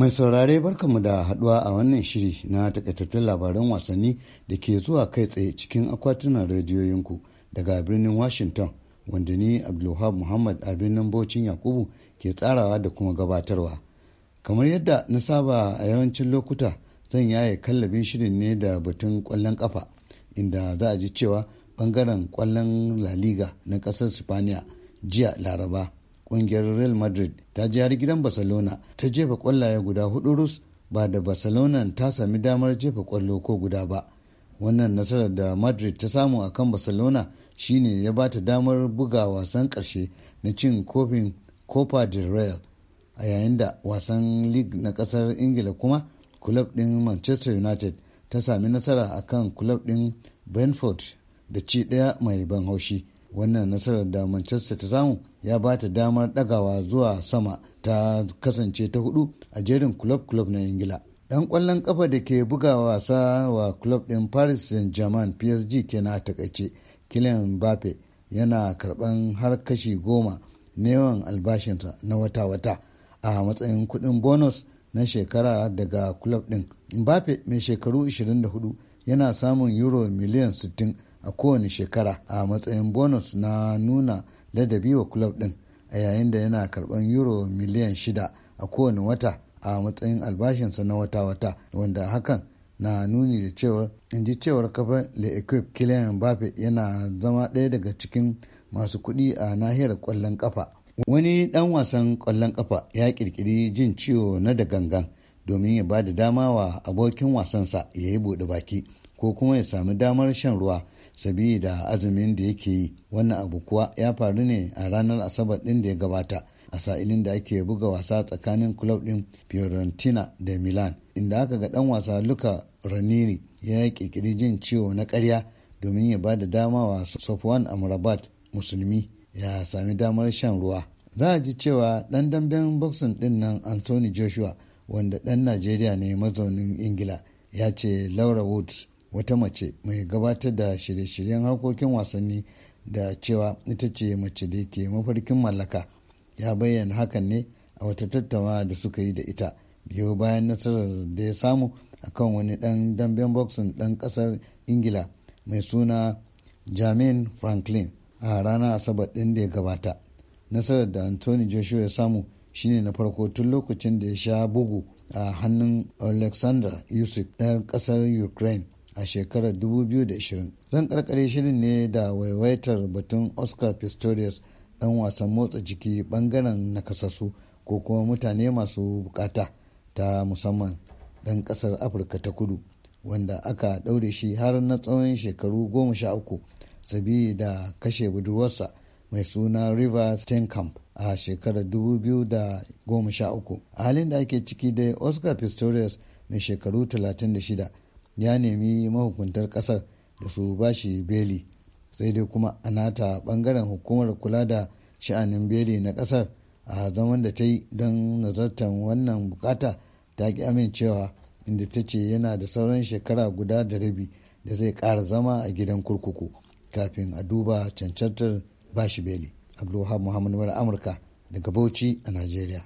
Mai saurare barkamu da haduwa a wannan shiri na takaitattun labaran wasanni da ke zuwa kai tsaye cikin akwatunan rediyoyinku daga birnin Washington wanda ni abdullahi Muhammad a birnin Bocin Yakubu ke tsarawa da kuma gabatarwa. Kamar yadda na saba a yawancin lokuta zan yaye kallabin shirin ne da batun kwallon kafa inda za a ji cewa bangaren kwallon laliga na kasar Spaniya jiya Laraba kungiyar real madrid ta ji har gidan barcelona ta jefa kwallaye guda hudu rus ba da barcelona ta sami damar jefa kwallo ko guda ba wannan nasarar da madrid ta samu a kan barcelona shine ya ba ta damar buga wasan karshe na cin kofin copa del rey a yayin da wasan league na kasar ingila kuma club din manchester united ta sami nasara a kan club din brentford da ci daya mai ban haushi wannan nasarar da manchester ta samu ya ba ta damar ɗagawa zuwa sama ta kasance ta hudu a jerin club-club na ingila dan kwallon kafa da ke buga wasa wa club din paris saint-germain psg kenan a takaice kylian mbappe yana karban har kashi goma neman albashinsa na wata-wata a matsayin kudin bonus na shekara daga club din mbappe mai shekaru 24 yana samun euro miliyan 60 a kowane shekara a matsayin bonus na nuna ladabi wa club din a yayin da yana karban euro miliyan shida a kowane wata a matsayin albashinsa na wata-wata wanda hakan na nuni da cewar in ji cewar kafar le equipe kilian mbappe yana zama ɗaya daga cikin masu kuɗi a nahiyar ƙwallon kafa wani ɗan wasan ƙwallon kafa ya ƙirƙiri jin ciwo na da gangan domin ya ba da dama wa abokin wasansa ya yi buɗe baki ko kuma ya sami damar shan ruwa sabida azumin da yake yi wannan abu kuwa ya faru ne a ranar asabar din da ya gabata a sa'ilin da ake buga wasa tsakanin club din fiorentina da milan inda aka ga dan wasa luka raniri ya kirkiri jin ciwo na karya domin ya ba da dama wa sofwan amrabat musulmi ya sami damar shan ruwa za a ji cewa dan damben boxing din nan anthony joshua wanda dan najeriya ne mazaunin ingila ya ce laura woods wata mace mai gabatar da shirye-shiryen harkokin wasanni da cewa ita ce mace da ke mafarkin mallaka ya bayyana hakan ne a wata tattaunawa da suka yi da ita biyo bayan nasarar da ya samu a kan wani dan damben boxing dan kasar ingila mai suna jamin franklin a ranar asabar din da ya gabata nasarar da anthony joshua ya samu shine na farko tun lokacin da ya sha bugu a hannun alexander yusuf dan kasar ukraine a shekarar 2020 zan karkare shirin ne da waiwaitar batun oscar pistorius dan wasan motsa jiki bangaren nakasassu ko kuma mutane masu bukata ta musamman dan kasar afirka ta kudu wanda aka ɗaure shi har na tsawon shekaru goma sha uku sabida kashe budurwarsa mai suna river steenkamp a shekarar 2013 a halin da ake ciki dai oscar pistorius mai shekaru 36 ya nemi mahukuntar kasar da su bashi beli sai dai kuma a nata bangaren hukumar kula da sha'anin beli na kasar a zaman da ta yi don nazartar wannan bukata ta ki amincewa inda ta ce yana da sauran shekara guda da rabi da zai ƙara zama a gidan kurkuku kafin a duba cancantar bashi beli abdulwahab muhammadu amurka daga bauchi a najeriya